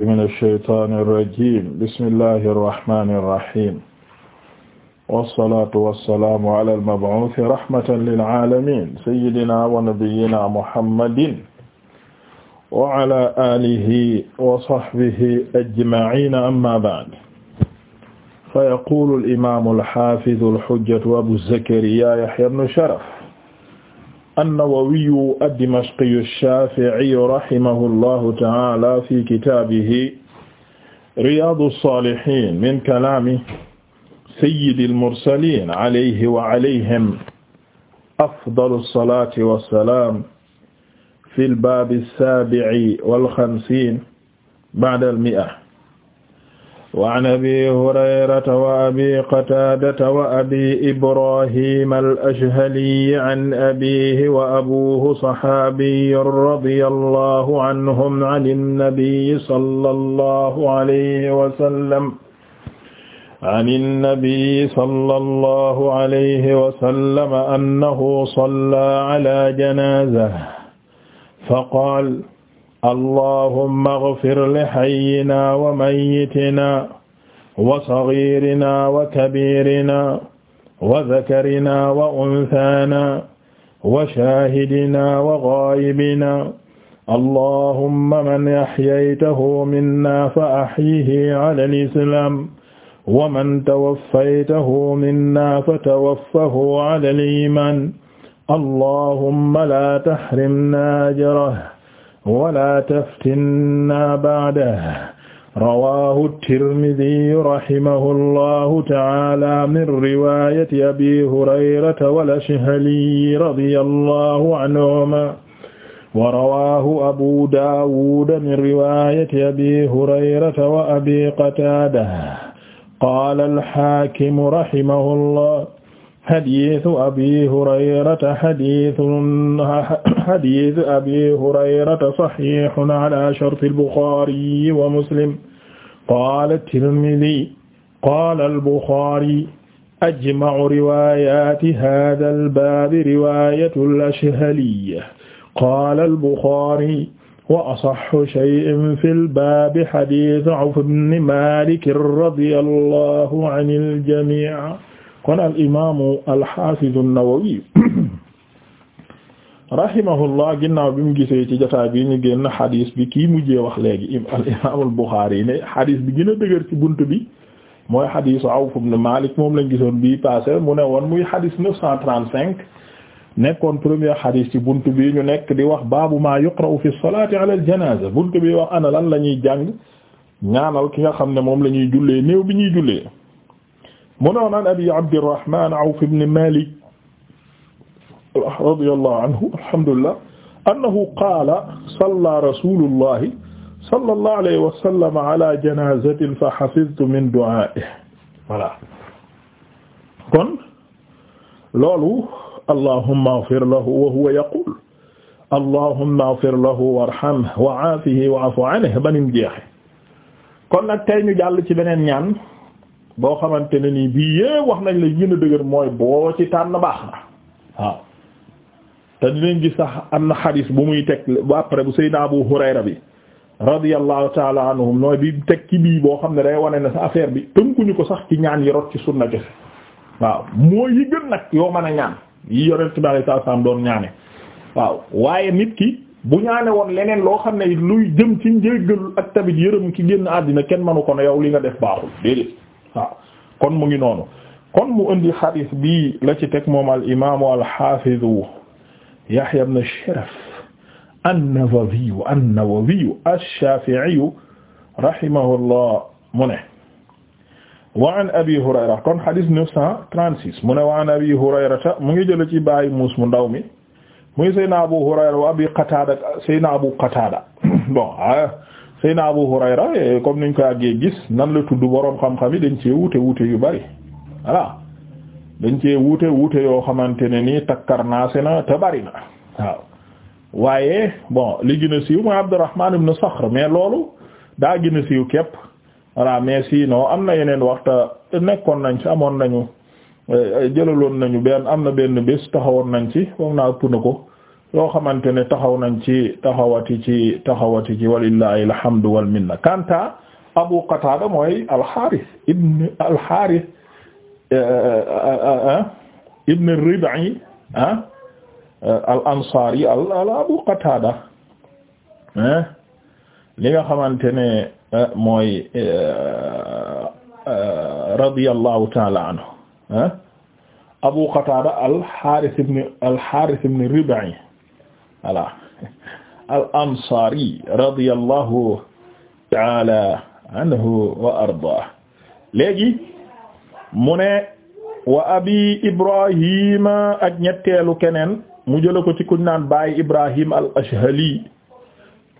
من الشيطان الرجيم بسم الله الرحمن الرحيم والصلاة والسلام على المبعوث رحمة للعالمين سيدنا ونبينا محمد وعلى آله وصحبه أجمعين أما بعد فيقول الإمام الحافظ الحجة أبو زكريا يحيى بن شرف an-Nawawiyu ad-Dimashqiyu ash-Shafi'iyu rahimahullahu ta'ala fi kitaabihi Riyaadu s-Saalihiin min kalaami sayyidil mursaliin alayhi wa alayhim afdalu s-salaati wa s-salaam fil baabi s-saabi'i wal khamsiin ba'da al-mi'a waan abi hurayrata wa abi qataadata wa abi ibrahima al-ashhaliyi an abiihi wa abuuhu saxaabiyyun radiyallahu anhum ani nabiyyi sallallahu alayhi wa sallam ani nabiyyi sallallahu alayhi wa sallam annahu sallaa calaa janaaza faqaala allahumma ighfir li hayyina wa mayyitina wa saghirina wa kabirina wa dhakarina wa unthana wa shahidina wa ghaibina allahumma man ahyaytahu minna fa ahyihi ala al-islam wa man tawaffaytahu minna fa tawaffahu ala al-iman allahumma la tahrimna ajrahu wala taftinnaa ba'dahu rawaahu tirmidi rahimahu llahu ta'ala min riwaayati abi hurayrata wal ashhali radiyallahu anhumaa wa rawaahu abu daawuda min riwaayati abi hurayrata wa abi qataada qaala al-haakim rahimahu llah xadiisu abi hurayrata xadiisun xadiisu abi hurayrata saxiixun alaa sharti al-buxaari wa muslim qaala at-tirmidi qaala al-buxaari ajmacu riwaayaati haadal baabi riwaayatul ashhaliyya qaala al-buxaari wa asaxxu shay'in fil baabi xadiisu Awf ibn Maalik radiyallaahu anil jamii' kon al imaamu alxafidu an-Nawawi rahimahullah ginnaaw bi mu gisee ci jotaay bi ñu génn xadis bi ki mujjee wax léegi al imaamu al-Buxaari yi ne bi gën a dëgër ci bunt bi mooy xadisu Awf ibn Malik moom lañ gisoon bii passé mu ne woon muy xadis neuf cent trente nekkoon premier xadis ci bunt bi ñu nekk di wax baabu maa yuqra'u fi salaati ala al-janaaza bunt bi wax ana lan la ñuy jàng ñaanal ki nga xam ne moom la ñuy jullee néew bi ñuy jullee mu noon an abi abdirahman awf ibn malik radiyallahu anhu alhamdulillah annahu qaala salla rasulullahi sallallahu alayhi wa sallam ala janazatin fa hafiztu min du'a'ihi voilà kon loolu allahumma ighfir lahu wa huwa yaqul allahumma ighfir lahu warhamhu wa aafihi wa afu anhu banim jeexe kon nag tey ñu jàll ci beneen ñaan boo xamante ne nii bii yee wax nañ la gën a dëgër mooy boo ci tànn baax na waaw te dinañ gis sax am na xadis bu muy teg ba après bu Seydina Abu Hurayra bi radiyallahu taala anhum mooy bi teg ci bii boo xam ne day wane na sa affaire bi tënkuñu ko sax ci ñaan yi rot ci sunna kese waaw mooy yi gën nag yoo man a ñaan yi yonent bi alayhi salaam doon ñaane waaw waaye nit ki bu ñaane woon leneen loo xam ne luy jëm ci njéggal ak tamit yërëm ki génn àddina kenn mënu ko ne yow li nga def baaxul waaw kon mu ngi noonu kon mu indi xadis bi la ci teg moom al imaamu al xaafidu Yahya ibn Sharaf an-Nawawi an mu ne wa abi hurayra kon xadis neuf cent trente mu ne wa abi hurayrata mu ngi jële ci bàyyi muus mu ndaw mi muy Seydina Abu Hurayra wa abi Qataada Seydina Abu Qataada ah, Seyna Abu Hurayra eh, comme niñ ko àggee gis nan la tudd boroom xam-xam yi dañ cee wute wuute yu bari voilà dañ cee wuute wuute yoo xamante ne nii takkar naase na te bari na waaw waaye bon li gën a siiw mooy Abdurrahman ibn Sakhr mais loolu daa gën a siiw képp voilà mais noo am na yeneen waxta nekkoon nañ ci amoon nañu eh, jëlaloon nañu benn am na benn bés taxawoon nañ ci foog naa ëpp na ko. yoo xamante ne taxaw nañ ci taxawati ci taxawati ci walillahi alhamdu wal minna kanta Abu Qatada mooy al-Harith ibn al-Harith eh, eh, eh, ibn Rib'i ah, al-Ansari al li nga xamante ne mooy radiyallahu ta'ala anhu Abu Qatada al-Harith ibn voilà al ansari radiyallahu taala anhu wa ardah léegi mu ne wa abi ibrahima ak ñetteelu keneen mu jëla ko ci kuñ naan baay ibrahim al ashhali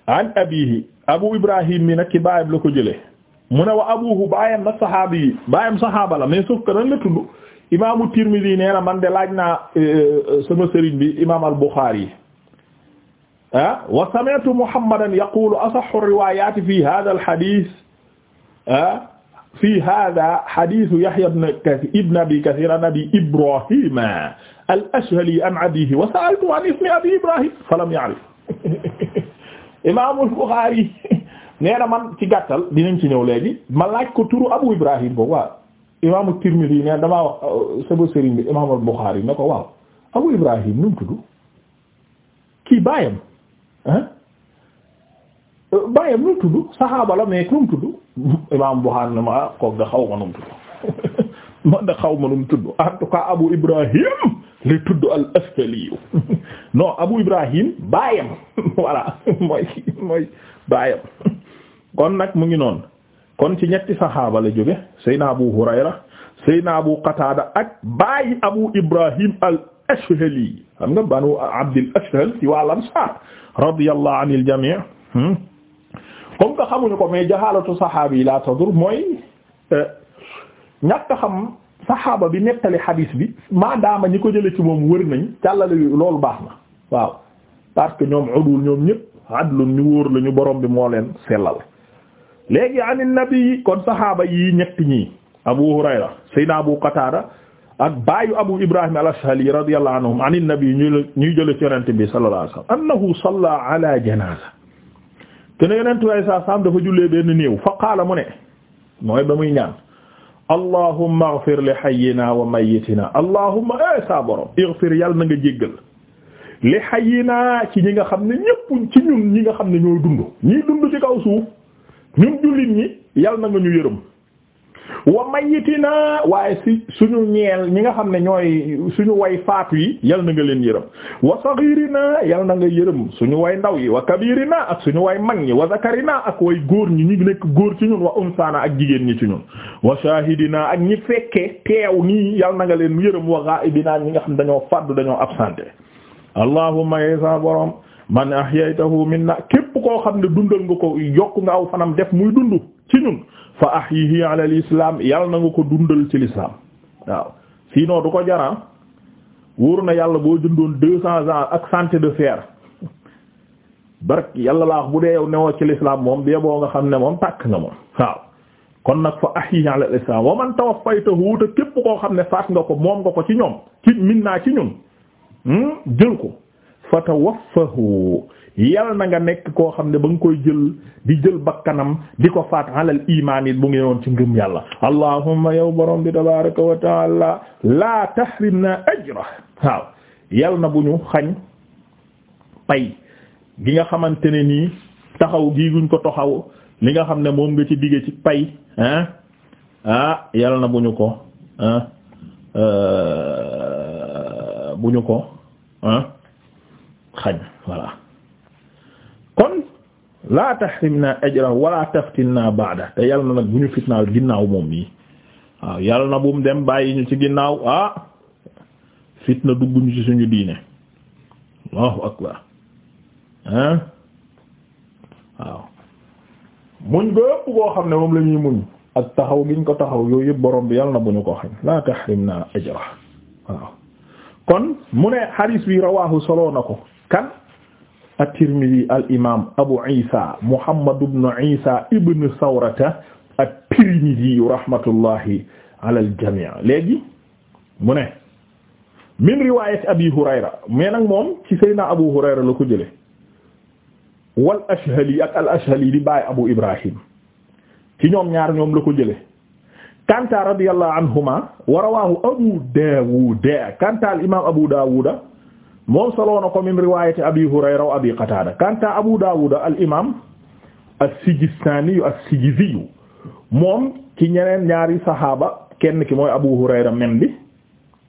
an abihi abu ibrahim mi nag ci baayam la ko jële mu ne wa abuhu baayam nag saxaabi yi baayam saxaaba la mais sauf que nan la tudd imaamu tirmidi nee na man de laaj naa euh, sama sëriñ bi imaam al buxaari ah wa sami'tu Muhammadan yaqulu asahhu riwaayaati fi haadha al-hadiis ah fi haadha hadiisu Yahya ibn Abi Kathiir an Abi Ibraahiim al-Ashhali an abiihi wa sa'altu an ismi Abi Ibraahiim falam ya'rif Imaamul Buxaari nee na man ci gàttal dinañ ci ñëw léegi ma laaj ko turu Abu Ibraahiim boobu waaw Imaamu Tirmidi nee na damaa wax euh, sama sëriñ bi Imaamul Buxaari ne ko waaw Abu Ibraahiim nu mu tudd kii baayam Euh, bàyyam nu tudd saxaaba la mais mu tudd imam Bukhari na ma ah, koog da xaw ma nu mu tudd man da xaw ma nu mu tudd en Abu Ibrahim li tudd al Asfaliyu non Abu Ibrahim bàyyam voilà mooy mooy bàyyam kon nag mu ngi noonu kon ci ñetti saxaaba la jóge Seyna Abu Hurayra Seyna Abu Qatada ak bàyyi Abu Ibrahim al Ashhali xam nga banu Abdul Ashhal ci waa Ansaar radiyallahu anil jami' hmm? comme que xamuñu ko mais jahalatu saxaabi yi la tadur mooy euh, ñàkk xam saxaaba bi nettali xadiis bi maadaama ñi ko jële ci moom wër nañ càllale loolu baax na waaw parce que ñoom udul ñoom ñëpp adlun ñu wóor la borom bi moo leen sellal léegi an nabi kon saxaaba yi ñetti ñii Abu Hurayra Seydina Abu Qatada ak baayu Abu Ibrahim al-Ashhali radiyallahu anhum an nabi ñuy jële ci yonent bi sallallahu alayhi wa sallam annahu salla ala janaza te ne yonent bi saa saam dafa jullee benn néew fa qaala mu ne mooy ba muy ñaan allahumma ighfir li hayyina wa mayyitina allahumma eh saa borom ighfir yàlla na nga jéggal li hayyina ci ñi nga xam ne ñi nga xam ne ñoo dund ñii dund ci kaw suuf ñun jullit ñi yàlla na nga ñu yërëm wa mayitina waaye si suñu ñeel ñi nga xam ne ñooy suñu way faatu yi yal na nga leen yërëm wa saghirina yal na nga yërëm suñu way ndaw yi wa kabirina ak suñu way mag ñi wa zakarina ak way góor ñi ñi nekk góor ci ñun wa unsana ak jigéen ñi ci ñun wa shahidina ak ñi fekke teew nii yal na nga leen yërëm wa ghaibina ñi nga xam dañoo fàddu dañoo absenté allahumma ya sa borom man ahyaytahu minna képp koo xam ne dundal nga ko yokk nga aw fanam def muy dund ci fa ahyihi ala al islam yal na nga ko dundal ci l'islam waaw sinon du ko jaran ah. wóor na yàlla boo jëndoon deux cents ans ak santé de fer bark yàlla laax bu dee yow newoo ci l'islam moom bee boo nga xam ne moom tàkk nga moom waaw kon nag fa ahyihi ala al islam wa man tawaffaytahu te képp koo xam ne faat nga ko moom nga ko ci ñoom ci min naa ci ñun hmm, jël ko fa tawaffahu yal na nga nekk koo xam ne ba nga koy jël di jël bakkanam di ko faat alal imaan it bu ngi woon ci ngëm yàlla allahumma yow borom bi tabaraka wa taala laa tahrimna ajra na bu xañ pay gi nga xamante ne nii taxaw gii guñ ko taxaw li nga xam ne moom nga ci digge ci pay ah ah yal na bu ñu ko ah bu ñu ko ah xañ voilà laa tahrimna ajra wala taftinna ba'da te yàlla na nag bu ñu fitnaal ginnaaw moom nii waaw yàlla na bu mu dem bàyyi ñu ci ginnaaw ah fitna dugg ñu ci suñu diine allahu waaw muñ ko koo xam ne moom la ñuy muñ ak taxaw giñ ko taxaw yooyu yëpp borom bi yàlla na bu ñu ko xam laa tahrimna ajra waaw kon mu ne hadis bi rawahu solo na ko kan at-Tirmidhi al imaam Abu Isa Muhammad ibn Isa ibn Sawrata at-Tirmidhi rahmatullahi ala al-jamii' léegi mu ne min riwaayati Abi Hurayra mais nag moom ci Seydina Abu Hurayra la ko jële wal Ashhali ak al Ashhali di bàyyi Abu Ibrahim ci ñoom ñaar ñoom la ko jële kanta radiyallahu anhuma wa rawahu Abu Dawud kanta al imaam Abu Dawud moom soloona ko min riwaayati abi hurayra wa abi qataada kanta abu daawuda al imaam as-sijistaani as-sijizi moom ci ñeneen ñaari saxaaba kenn ki mooy abu hurayra même bi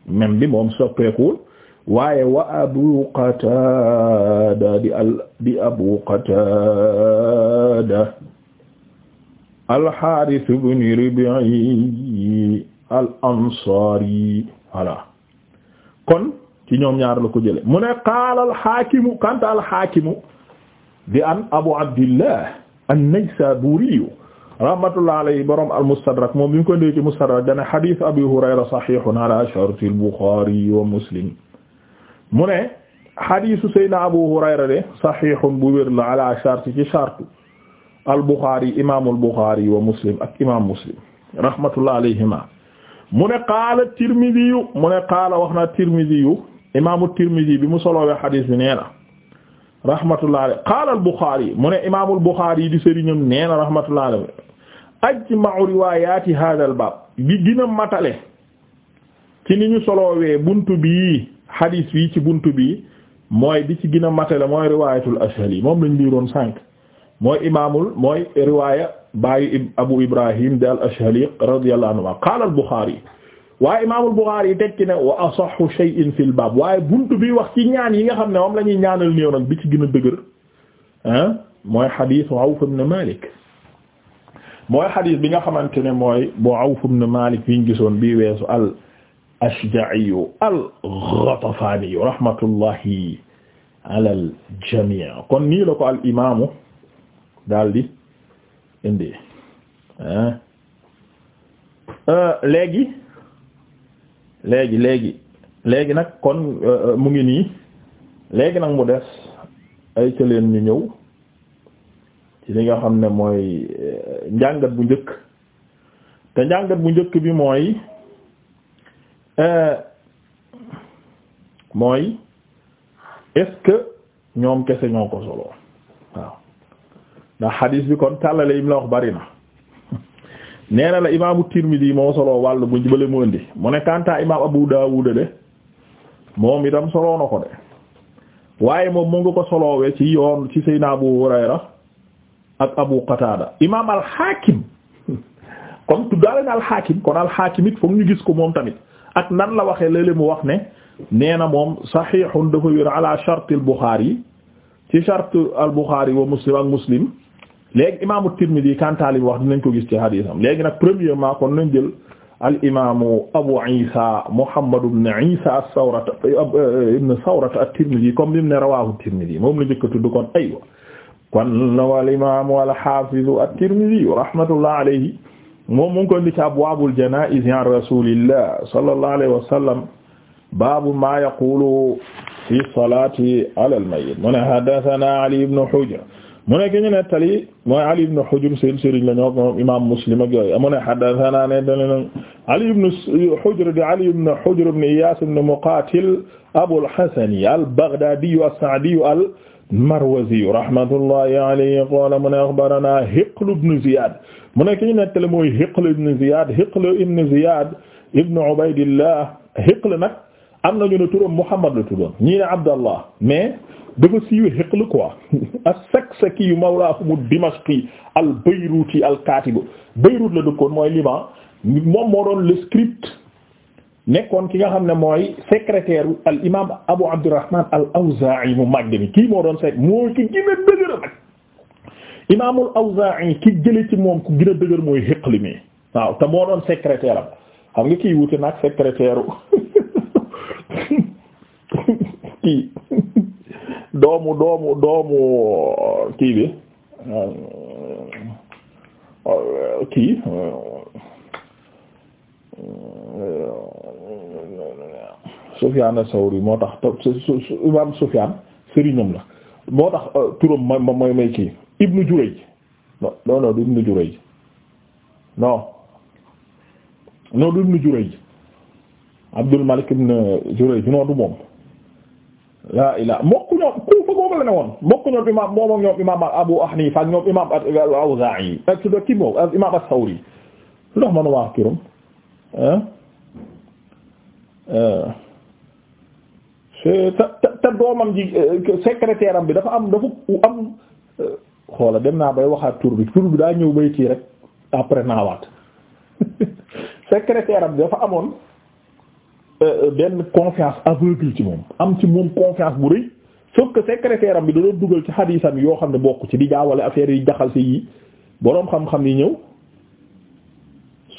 même bi moom soppeekuwul waaye wa abu qataada di al di abu qataada al-haaris ibn rib'i al-ansaari voilà kon ci ñoom ñaar la ko jële mu ne qaala alxaakimu kanta alxaakimu di an abu abdillah an-naysaburiyu rahmatullah alayhi borom al-mustadrak moom bi ñu ko ndee ci mustadrak dana hadith abi hurayra sahihun ala sharti al-bukhari wa muslim mu ne hadithu sayyidina abu hurayra de sahihun bu wér la ala sharti ci shartu al-bukhari imam al-bukhari wa muslim ak imam muslim rahmatullah alayhima mu ne qaala tirmidhi mu ne qaala wax na tirmidhi imaamu Tirmidhi bi mu solowee xadiis bi nee na rahmatullah alayhi qaala al-Bukhari mu ne imaamul Bukhari di sëriñam nee na rahmatullah alayhi ajma'u riwaayaati haadal baab bi gën a matale ci ni ñu solowee buntu bii xadiis bii ci buntu bii mooy bi ci gën a matale mooy riwaayatul Ashhali moom lañ biiroon sànq mooy imaamul mooy riwaaya baayu Abu Ibrahim de al-Ashhali radiyallahu anhu qaala al-Bukhari waaye imaamul Buxaari yi tekki ne wa asahhu shay'in fil baab waaye buntu bi wax ci ñaan yi nga xam ne moom la ñuy ñaanal néew nag bi ci gën a dëgër ah mooy xadiisu Awf ibn Malik mooy xadiis bi nga xamante ne mooy bu Awf ibn Malik bi ñu gisoon bii weesu al Ashja'i al Ghatafani rahmatullahi ala al jamii kon nii la ko al imaamu daal di indi ah léegi. léegi léegi léegi nag kon euh, euh, mu ngi nii léegi nag mu des ay cëleen ñu ñëw ci li nga xam ne mooy euh, njàngat bu njëkk te njàngat bu njëkk bi mooy mooy est-ce ñoom kese ñoo ko solo waaw ndax xadiis bi kon tàllale yi mu la wax bari na nee na la imaamu Tirmidi moo solo wàll bu bële mu indi mu ne Kantaa imaam Abu a de moom itam solo ko de waaye moom mu ngi ko solowee ci yoon ci Seydina Abu ak Abu Qataada imaam al-Hakim comme tuddaale kon al it foog ñu gis ko moom tamit ak nan la waxee léeg mu wax ne nee na moom saxiixun dafa wér ala shart al-Buxaari ci shart al-Buxaari wa Muslim ak Muslim. léegi imaamu Tirmidi kantaali bi wax dinañ ko gis ci hadisam léegi nag premièrement kon nañ jël al imaamu Abu Isa Muhammad ibn Isa as-Sawrat euh, ibn Sawrat at-Tirmidi comme li mu ne rawaahu at-Tirmidi moom la njëkk a tudd kon aywa kon wal imaamu al-Haafizu at-Tirmidi rahmatullah alayhi moom mu ngi ko indi ci abwaabul janaa'iz an Rasuulillah sallallahu alayhi wa sallam baabu maa yaqulu fi salaati alal mayyit mu ne haddasanaa Ali ibn Hujr mu ne ki ñu nettali mooy Ali ibn Hujr seen sëriñ la ñoo moom imam Muslim ak yooyu mu ne haddathana nettali nañ Ali ibn Hujr di Ali ibn Hujr ibn Iyas ibn Muqatil Abul Hasan al-Baghdadi as-Sa'di al-Marwazi rahmatullahi alayhi qala mu ne akhbarana Hiql ibn Ziyad mu ne ki ñu nettali mooy Hiql ibn Ziyad Hiql ibn Ziyad ibn Ubaydillah Hiql nag am nañu ne turam Muhammad la tuddoon ñii ne Abdallah mais dafa siiwe Hiql quoi as-Saksaki mawlaahumu Dimashqi al-Bayruuti al-kaatib Beyrouth la dëkkoon mooy Liban moom moo doon le script nekkoon ki nga xam ne mooy secrétaire al imaam Abu Abdurrahman al-Awzaa'i mu mag mi kii moo doon seet mooy ki gën a dëgër mag ci moom ku gën a dëgër mooy Hiql mi waaw te moo doon secrétaire am xam nga kii wuute nag secrétaire kii. doomu doomu doomu kii bi kii Sufyaan as-Sawri moo tax imam Sufyaan sëriñam la moo tax euh, turam ma mooy may kii Ibnu Jurayj non non non Ibnu Jurayj non non Ibnu Jurayj Abdul Malik ibn Jurayj non moom laa ilaa mokk ñoo nga la ne woon bokk ñoom imaam moom ak ñoom imaam Abu Hanifa ak ñoom imaam al-Awzaa'i ak su kii moom ak imaam as-Sawri ndax man waa kiram ah, ah, te te te doomam ji eh, secrétaire am bi dafa am dafa am eh, xoola dem naa bay waxaat tur bi tur bi daa ñëw bay kii rek après naawaat secrétaire am bi dafa amoon eh, benn confiance aveugle ci moom am ci moom confiance bu rëy. sauf que bi da dugal ci xadiisam yoo xam ne bokk ci di jaawale affaire yi jaxal si yi boroom xam-xam yi ñëw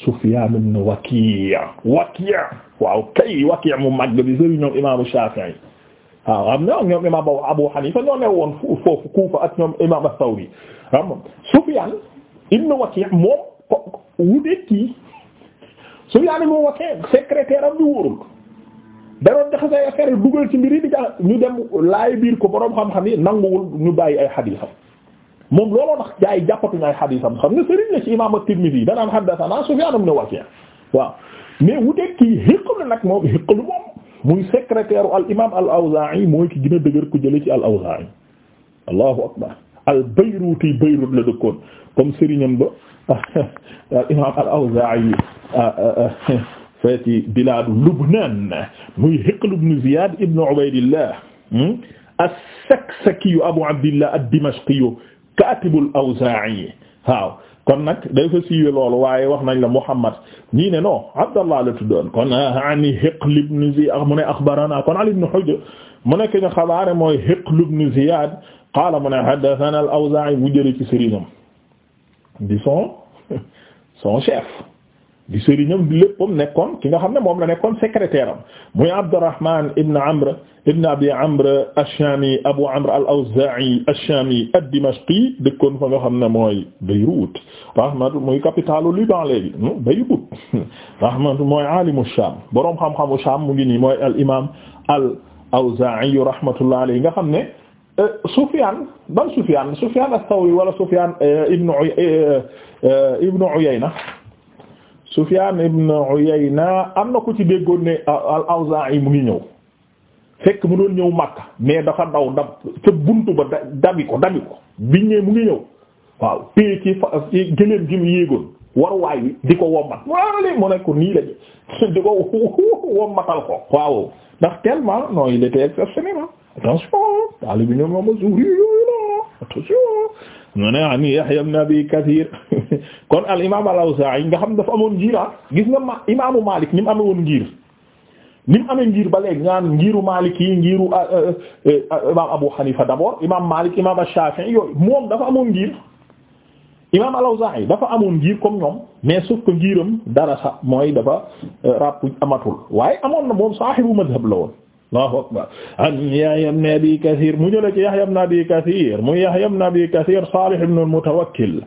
Sufyaan ibn Waki' Waki' waaw kay Waki' mu mag bi sëriñ ñoom imaamu Shaafi'i waaw am na ñoom imaam Abu ne woon foofu Kuufa ak ñoom imaam As-Sawri am Sufyaan ibn Waki' moom ko wudeeg kii Sufyaan ibn Waki' secrétaire am bi wóorul daroon jaxase ay affaire dugal ci mbir yi di ñu dem laay biir ko boroom xam-xam yi nanguwul ñu bàyyi ay xadiisam moom looloo tax gaa yi jàppatuñu ay xadiisam xam nga sëriñ la ci imaam at-Tirmidhi yi danaan haddathana Sufyaan ibn Wakii' waaw mais wuteeg kii Hiql nag moom Hiql moom muy secrétaire al imaam al-Awzaa'i mooy ki gën a dëgër ku jële ci al-Awzaa'i allahu akbar al-Bayruuti Bayruut la dëkkoon comme sëriñam ba al imaam al-Awzaa'i feeti bilaadu Lubnaan muy Hiql ibn Ziyaad ibn Ubaydillah hmm? as-Saksaki Abu Abdillah ad-Dimashqi kaatibul Awzaa'i waaw kon nag day fa siiwee loolu waaye wax nañ la Muhammad ñii ne non Abdallah la tuddoon kon ah, ani Hiql ibn Ziyaad mu ne axbaranaa kon Ali ibn Hujr mu nekk ñu xabaare mooy Hiql ibn Ziyaad qaala mu ne haddathanaa al-Awzaa'i bu jëlee ci sëriñam di son son chef. bi sëriñam di léppam nekkoon ki nga xam ne moom la nekkoon secrétaire am muy Abdurrahman ibn Amr ibn Abi Amr ash-Shami Abu Amr al-Awza'i ash-Shami ad-Dimashqi dëkkoon fa nga xam ne mooy Beyrouth rahmatu muy capitalu Liban léegi Beyrouth rahmatu mooy alimu Sham boroom xam-xamu Sham mu ngi nii mooy al imam al-Awza'i rahmatullah alayhi nga xam ne euh, Sufyan ban Sufyan Sufyan ath-Thawri wala Sufyan euh, ibn euh, Uyayna Sufyaan ibn Uyayna am na ku ci déggoon ne al-Awzaa'i mu ngi ñëw fekk mu doon ñëw Makka mais dafa daw dab ca buntu ba dabi ko dabi ko biñ ne mu ngi ñëw waaw téye ci fa gëléem gi mu yéegoon waruwaay wi di ko wommat mu ne mu ne nii la di ko wommatal ko. waaw ndax tellement non il était attention daali bi ñoom mooma Zuhri yooyu la attention mu ne an Yahya ibn Abi Kathir kon al imam al-Awzaa'i nga xam dafa amoon njiir ah, gis nga ma imaamu Maalik ni mu amee woon njiir ni mu amee njiir ba léegi ngaan njiiru Maalik yi njiiru ah, ah, imam Abu Hanifa d'abord imam Maalik imam Shaafi'i yooyu moom dafa amoon njiir imam al-Awzaa'i dafa amoon njiir comme ñoom mais sauf que njiiram dara sax mooy dafa euh, ràpp amatul waaye amoon na moom saahibu madhab la woon Allahu akbar an Yahya ibn Abi Kathir mu jële ci Yahya ibn Abi Kathir mu Yahya ibn Abi Kathir Salih ibn al-Mutawakkil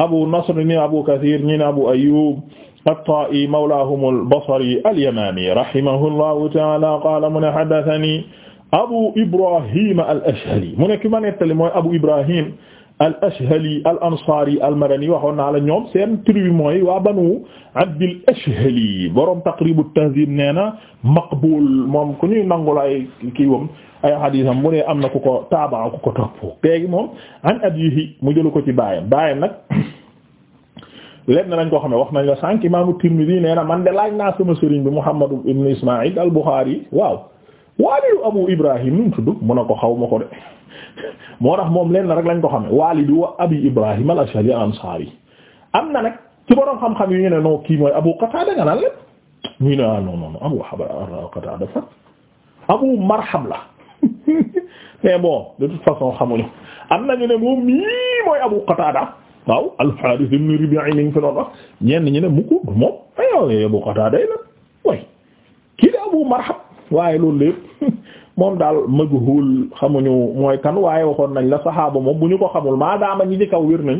Abu Nasr ni Abu Kathir ni Abu Ayyub at-Ta'i mawlahum al-Basri al-Yamani rahimahullahu ta'ala qala mu ne haddathani Abu Ibrahim al-Ashhali mu ne ki ma nettali mooy Abu Ibrahim al ashhali al ansari al madani waxoon naa la ñoom seen tribu mooy waa banu abdil ashhali borom taqribu tahzib nee na maqbul moom ku ñuy nangul ay ki wam ay hadisam mu am na ku ko taabaa ku ko topp léegi moom an abihi mu jëlu ko ci baayam baayam nag leen na lañ ko xam ne wax nañ la sànq imaamu Tirmidhi nee man de laaj naa sama sëriñ bi Muhammad ibn Ismaïl al Bukhari waaw waaw abu Ibrahim nu tudd ko xaw ma ko de. moo tax moom lenn rek lañ ko xamee waalidu wa abi ibrahim al ashari al am na nag ci borom xam-xam yu ñu ne non kii mooy abu qatada nga naan la ñu ne ah non abu qatada fa abu marhab la mais bon de toute façon xamuñu am na ñu ne moom mii mooy abu qatada waaw al harith ibn rabi'i mi ngi fi doon wax ñu ne mukku moom aywa abu qatada la way kii de abu marhab waaye loolu lépp. moom daal majhul xamuñu mooy kan waaye waxoon nañ la saxaaba moom bu ñu ko xamul maadaama ñi ci kaw wér nañ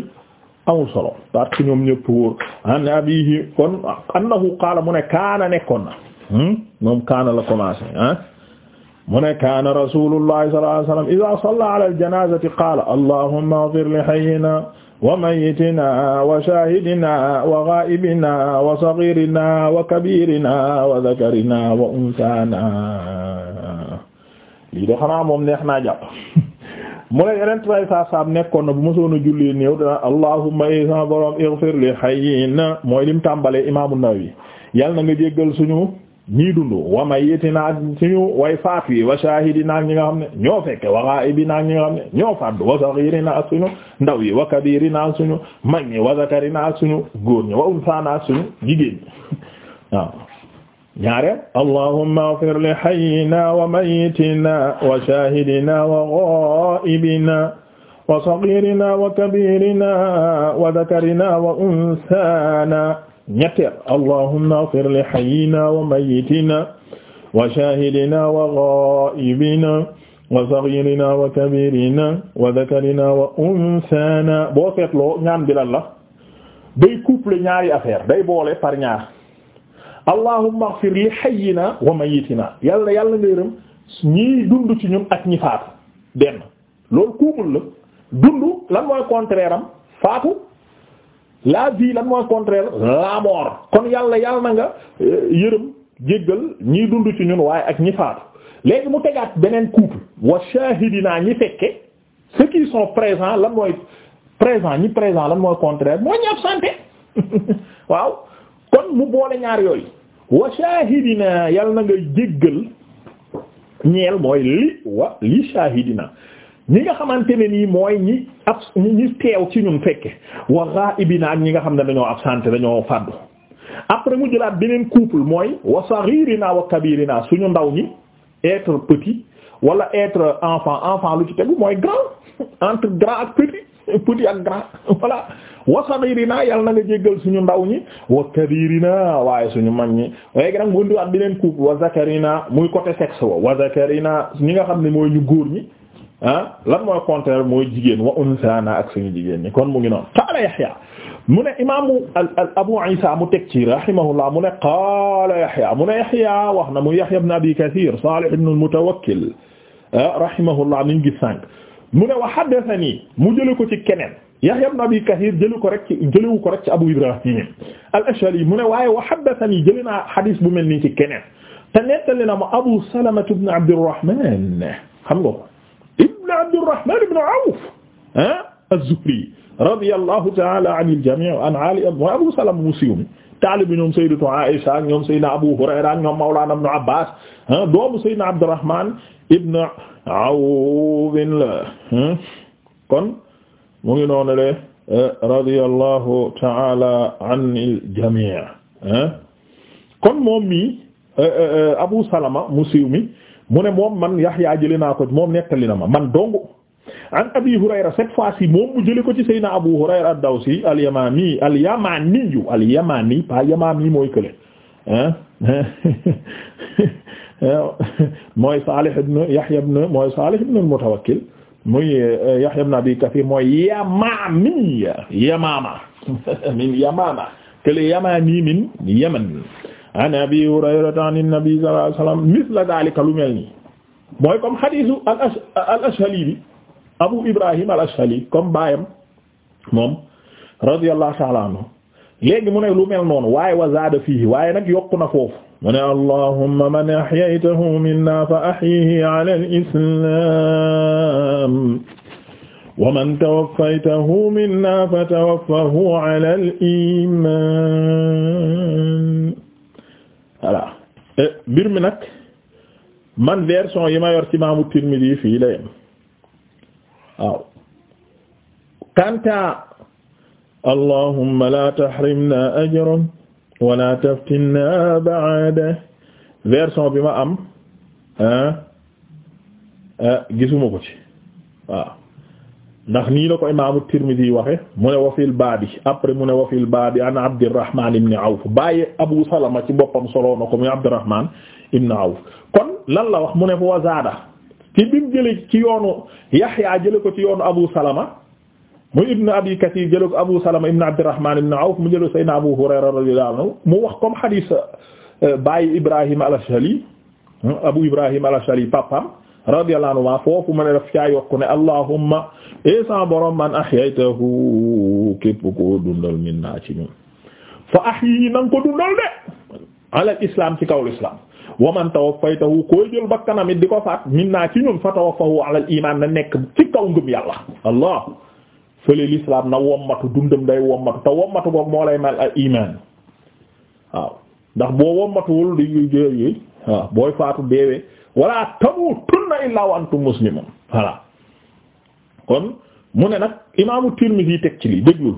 amul solo parce que ñoom ñëpp wóor an abihi kon annahu qaala mu ne kaana nekkoon na hmm? moom kaana la commencé ah mu ne kaana rasulullahi sallallahu alayhi wasallam idha salla ala aljanazati qaala allahumma ighfir li hayyina wa mayyitina wa shahidina wa ghaibina wa saghirina wa kabirina wa dhakarina wa unsana lii de xanaa moom neex naa jàpp mu ne yeneen tray saa saam nekkoon na bu mësoon a julli néew dana allahumma isa borom ighfir li hayyina mooy lim tàmbalee imaamu Nawawi yal na nga jéggal suñu ñii dund wa mayyitina ak suñu way faatu yi wa shahidina ak ñi nga xam ne ñoo fekke wa ghaibina ak ñi nga xam ne ñoo fàddu wa saghirina ak suñu ndaw yi wa kabirina ak suñu mag ñi wa zakarina ak suñu góor ñi wa unsana ak suñu jigéen waaw ñaareel allahumma ighfir li hayyina wa mayyitina wa shahidina wa ghaibina wa saghirina wa kabirina wa dhakarina wa unsana ñetteel allahumma ighfir li hayyina wa mayyitina wa shahidina wa ghaibina wa saghirina wa kabirina wa dhakarina wa unsana boo seetloo ñaan bi lan la day couple ñaari affaire day boole par ñaar allahumma ighfir li hayyina wa mayyitina yàlla yàlla nga yërëm ñii dund ci ñun ak ñi faatu benn loolu kuubul la dundu lan mooy contraire am faatu la vie lan mooy contraire la mort kon yàlla yàlla na nga euh, yërëm jéggal ñii dund ci ñun waaye ak ñi faatu léegi mu tegaat beneen couple wa shahidina ñi fekke ceux qui sont présents lan mooy présent ñi présent lan mooy contraire moo ñi absenté waaw kon mu boole ñaar yooyu wa shahidina yàlla na nga jéggal ñeel mooy li wa li shahidina ñi nga xamante ne nii mooy ñi abs ñi teew ci ñun fekke wa ghaibina ak ñi nga xam ne dañoo absenté dañoo fàddu après mu jëlaat beneen couple mooy wa saghirina wa kabirina suñu ndaw ñi être petit wala être enfant enfant lu ci tegu mooy grand entre grand ak petit petit ak grand voilà wa saghirina yàlla na nga jéggal suñu ndaw ñi wa kabirina waaye suñu mag ñi léegi nag mu indiwaat beneen couple wa zakarina muy côté sexe wa wa zakarina ñi nga xam ne mooy ñu góor ñi ah lan mooy contraire mooy jigéen wa unsana ak suñu jigéen ñi kon mu ngi noonu qaala Yahya mu ne imaamu Abu Isa mu teg ci rahimahullah mu ne qaala Yahya mu ne Yahya wax na mu Yahya ibn Abi Kathir Salih ibn al-Mutawakkil ah, rahimahullah niñ gis sànq mu ne wa haddathani mu jële ko ci keneen Yahya ibn Abi Kathir jële ko rek ci jëlewu ko rek ci Abu Ibrahim al-Ashhali mu ne waaye wa haddathani jële naa xadis bu mel nii ci keneen te nettali na ma Abu Salama ibn Abdurrahman xam nga ko ibn Abdurrahman ibn Awf ah az-Zuhri radiyallahu ta'ala anil jami' an Ali Abu Salama mu siiw taalibi ñoom sayyidatu Aisha ak ñoom sayyidina Abu Hurayra ak mawlana Ibn Abbas doomu sayyidina Abdurrahman ibn Awf la kon mu ngi noonu le radiyallahu ta'ala anil jami' kon moom mi Abu Salama mu siiw mi mu ne moom man Yahya jëli naa ko moom nettali na man dong an abi hurayra cette fois-ci moom mu jële ko ci sayna abu hurayra ad-dawsi al-yamani al-yamani al-yamani pas yamami mooy kële ah mooy salih ibn yahya ibn mooy salih ibn al-mutawakkil muy eh, yahya ibn abi kathir mooy yamami yamama min yamama kële yamani min yaman an abi hurayrata an nabi sallallahu alayhi wasallam misla daalika lu mel nii mooy comme hadiisu al ashali bi Abu Ibrahim al-Ashhali comme baayam moom radiyallahu ta'ala anhu léegi mu ne lu mel noonu waaye wa zaada fiihi waaye nag yokku na foofu mu ne allahumma man ahyaytahu minna fa ahyihi ala al-islam wa man tawaffaytahu minna fa tawaffahu ala al-iman voilà eh, mbir mi nag man version yi ma yor ci Imaamu Tirmidhi fii la yem waaw kanta allahumma la tahrimna ajran wa taftinna ba'da version bi ma am gisuma ko ci waaw ndax nii la ko imaamu Tirmidhi waxe mu ne wa fil baabi après mu ne wa fil baabi an Abdurrahman ibn Awf bàyyi Abu Salama ci boppam solo ko muy Abdurrahman ibn Awf kon lan la wax mu ne wa zaada ci bimu jële ci yoonu Yaxya ko ci yoonu Abu Salama muy ibn Abi Kathir jële ko Abu Salama ibn Abdurrahman ibn Awf mu jële Seydina Abu Hurayra radiyallahu anhu mu wax comme hadis euh, bàyyi Ibrahim al hmm, Abu Ibrahim al-Ashhali papam radiyallahu anhu maa foofu mu ne daf caa yokku ne allahumma esa borom man ahyaytahu képp koo dundal min naa ci ñun fa ahyi yi na nga ko dundal de ala islam ci kaw l'islam wa man tawaffaytahu koy jël bakkanam it di ko faat minna ci ñun fa tawaffahu ala al iman na nekk ci kaw ngëm yàlla allah fële l'islam na wommatu dundam day wommatu te wommatu boog moo lay mal al iman waaw ndax boo wommatuwul di jëy waaw booy faatu deewee wala tamutunna illa wa antum muslimun voilà kon mu ne nag imaamu Tirmidhi teg ci li déglul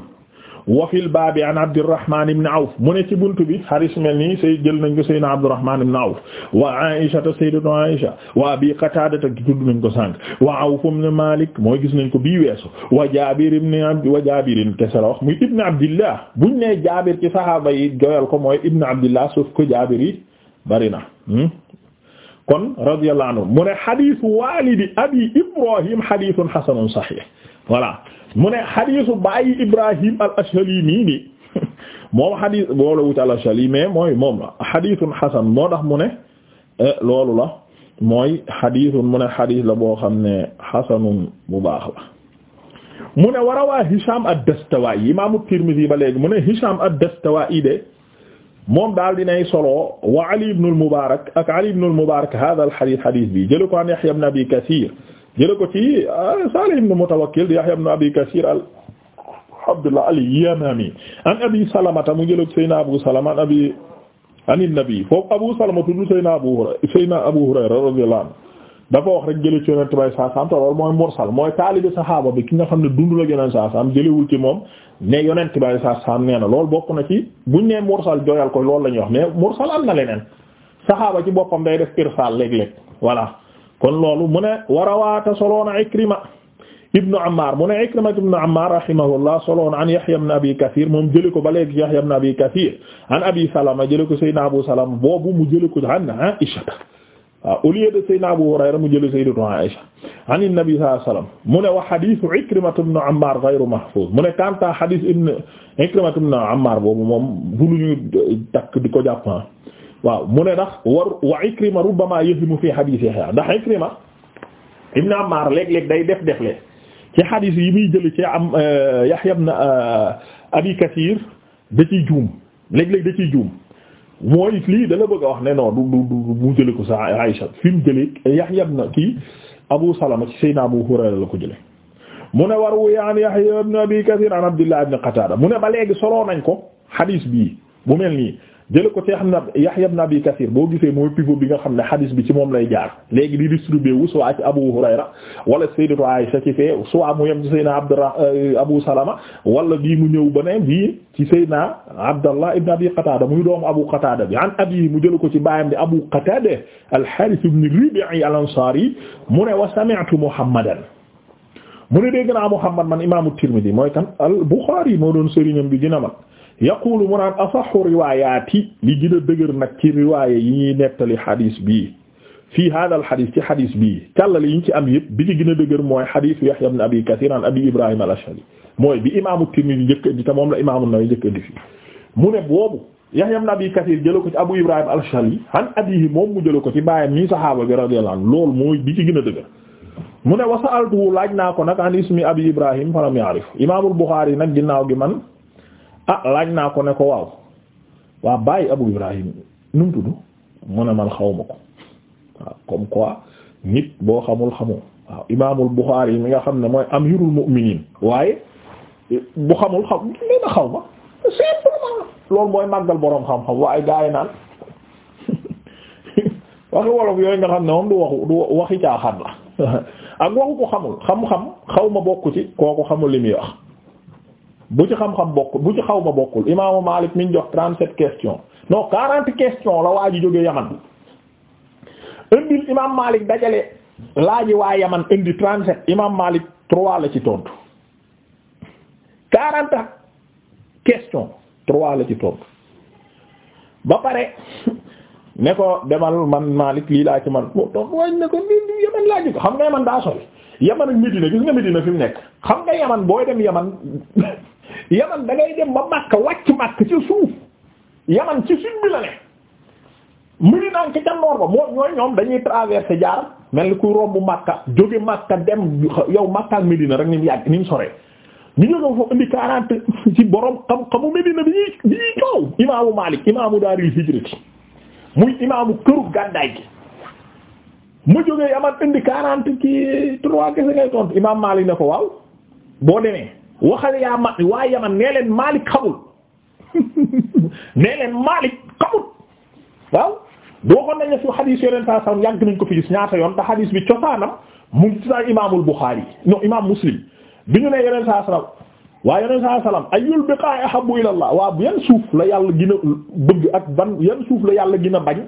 wa fil baabi an Abdurrahman ibn Awf mu ne ci buntu bi hadis mel nii say jël nañ ko Seydina Abdurrahman ibn Awf wa Aisha ta Sayyidatu Aisha wa Abi Qatada ta tudd nañ ko sànq wa Awf ibn Malik mooy gis nañ ko bii weesu wa Jabir ibn Abd wa Jabirin kese la wax muy ibn Abdillah buñ ne Jabir ci sahaaba yi joyal ko mooy ibn Abdillah sauf que Jabir yi bari na hmm? kon radiyallahu anhu mu ne abi ibrahim xadiisun xasanun saxiix voilà mu ne xadiisu baayi ibrahim al moom xadiis boole wuti al ashali mais mooy moom la xadiisun xasan moo tax mu ne eh, loolu la mooy xadiisun mu ne xadiis la boo xam ne xasanun bu baax la mu ne warawaa moom daal dinay solo wa Ali ibn al-Mubarak ak Ali ibn al-Mubarak hada al-hadith hadith bi jële ko an Yahya ibn Abi Kathir jële ko ci ah, Salih ibn Mutawakkil Yahya ibn Abi Kathir Abdullah al-Yamami an Abi Salamata mu jële ko Seydina Abu Salama an abi an an-Nabi foofu Abu Salama tudd Seydina Abu Hurayra Seydina Abu Hurayra radiyallahu anhu dafa wax rek jële ci yonent bay saasaam loolu mooy mursal mooy taalibi saxaaba bi ki nga xam ne dund la yonent saasaam jëlewul ci moom ne yonent bay saasaam nee na loolu bokk na ci buñ nee mursal joyal ko lool la ñuy wax mais mursal am na leneen saxaaba ci boppam day def irsaal léeg-léeg voilà kon loolu mu ne warawaata soloona Ikrima ibnu Ammar mu ne Ikrima ibnu Ammar rahimahullah soloon an Yahya ibn Abi Kathir moom jële ko ba léegi Yahya ibn Abi Kathir an Abi Salama jële ko Seydina Abu Salama boobu mu jële ko an waaw au lieu de Seydina Abu Hurayra mu jële Sayyidatu Aïsha an Nabi sallallahu alayhi wasallam mu ne wa hadithu Ikrimah ibn Ammar ghayru mahfuz mu ne kanta hadith ibn Ikrimah ibn Ammar boobu moom du lu ñu takk di ko jàpp ah. waaw mu ne ndax war wa Ikrimah rubbama yahimu fi hadithiha ndax Ikrimah ibn Ammar léeg-léeg day def defle ci hadith yi muy jële ci am euh, Yahya ibn euh, Abi Kathir da ciy juum léeg-léeg da ciy juum mooy lii da la bëgg a wax ne non du du du mu jële ko sa Aïcha fi mu jële Yahya ibn kii Abu Salama ci Seydina Abu Hurayra la ko jële mu ne war wu wuyaan Yahya ibn Abi Kathir an Abdullah ibn Qatada mu ne ba léegi soloo nañ ko hadis bi bu mel nii jële ko ci xam na Yahya ibn Abi Kathir boo gisee mooy pivot bi nga xam ne hadis bi ci moom lay jaar léegi di distribué wu soit ci Abu Hurayra wala Sayyidatu Aisha ci fee soit mu yem ci Sayyidina Abdurrah euh, Abu Salama wala bii mu ñëw ba ne bii ci Sayyidina Abdallah ibn Abi Qatada muy doomu Abu kataada bi an abi mu jële ko ci baayam bi Abu Qatada al-Harith ibn Rabi'i al-Ansari mu ne wa sami'tu Muhammadan mu ne dégg naa Muhammad man imaamu Tirmidhi mooy kan al-Bukhari moo doon sëriñam bi gën a mag yaqulu mu naan asaxu riwaayaati li gën a dëgër nag ci riwaaya yi ñuy nettali xadis bii fii hada al xadis ci xadis bii càllale yi ñu ci am yëpp bi ci gën a dëgër mooy xadisu Yahya ibn Abi Kathir an Abi Ibrahim al-Ashhali mooy bi imaamu Tirmidhi njëkk indi te moom la imaamu Nawawi njëkk indi fii mu ne boobu Yahya ibn Abi Kathir jële ko ci Abu Ibrahim al-Ashhali an abihi moom mu jële ko ci baayam nii saxaaba bi radiyallahu anhu loolu mooy bi ci gën a dëgër mu ne wa sa'altuhu laaj naa ko nag an ismi Abi Ibrahim falam ya'rif imaamul Bukhari nag ginnaaw gi man ah laaj naa ko ne ko waaw waa bàyyi Abu Ibrahim nu mu tudd mu ne man xaw ma ko waaw comme quoi nit boo xamul xamoo waaw imaamul Buxaari mi nga xam ne mooy am amirul mu'miniin waaye bu xamul xam ma loolu mooy màggal boroom xam-xam waaye gaa yi naan waxi wolof yooyu nga xam ne moom du waxu du waxi caaxaan la ak waxu ko xamul xam-xam xaw ma bokk ci kooku xamul li muy wax bu ci xam-xam bokkul bu ci xaw ma bokkul imaamu Maalik mi ñu jox trente-sept questions non quarante questions la waa ji jógee Yaman indil imaam Maalik dajale laaji waa Yaman indi trente-sept imaam Maalik trois la ci tontu quarante questions trois la ci tontu ba pare ne ko demal man Maalik lii laa ci man moo tontu waaye ne ko Yaman laa jóg xam nga Yaman daa sori Yaman ak Medina gis nga Medina fi nekk xam nga Yaman booy dem Yaman. yaman dangay ngay dem ba Makka wàcc Makka ci suuf yaman ci sud ne Médina ci ca noor ba moo ñooy ñoom dañuy traverser jaar mel ni kuy romb Makka jóge Makka dem yow Makka Médina rek ni mu yàgg ni mu soree ñu jóge foofu indi quarante ci borom xam-xamu Médina bi ñuy bi ñuy coow imaamu Maalik imaamu daaril hijrati muy imaamu këru gàddaay gi mu jógee yaman indi quarante ci trois kese tontu imaam Maalik ne ko waaw boo demee waxal yaa ma waa yaman nee leen Malik xamul nee leen Malik xamul waaw doo ko nañu su xadiis yoneen saa saam yàgg nañ ko fi gis ñaata yoon te xadiis bi cosaanam mu ngi ci sa imaamul Buxaari non imaam Muslim bi ñu yoneen saa saam waa yoneen saa saam ayyul biqa'i ahabbu ila Allah waa yan suuf la yàlla gën a ak ban yan suuf la yàlla gën a bañ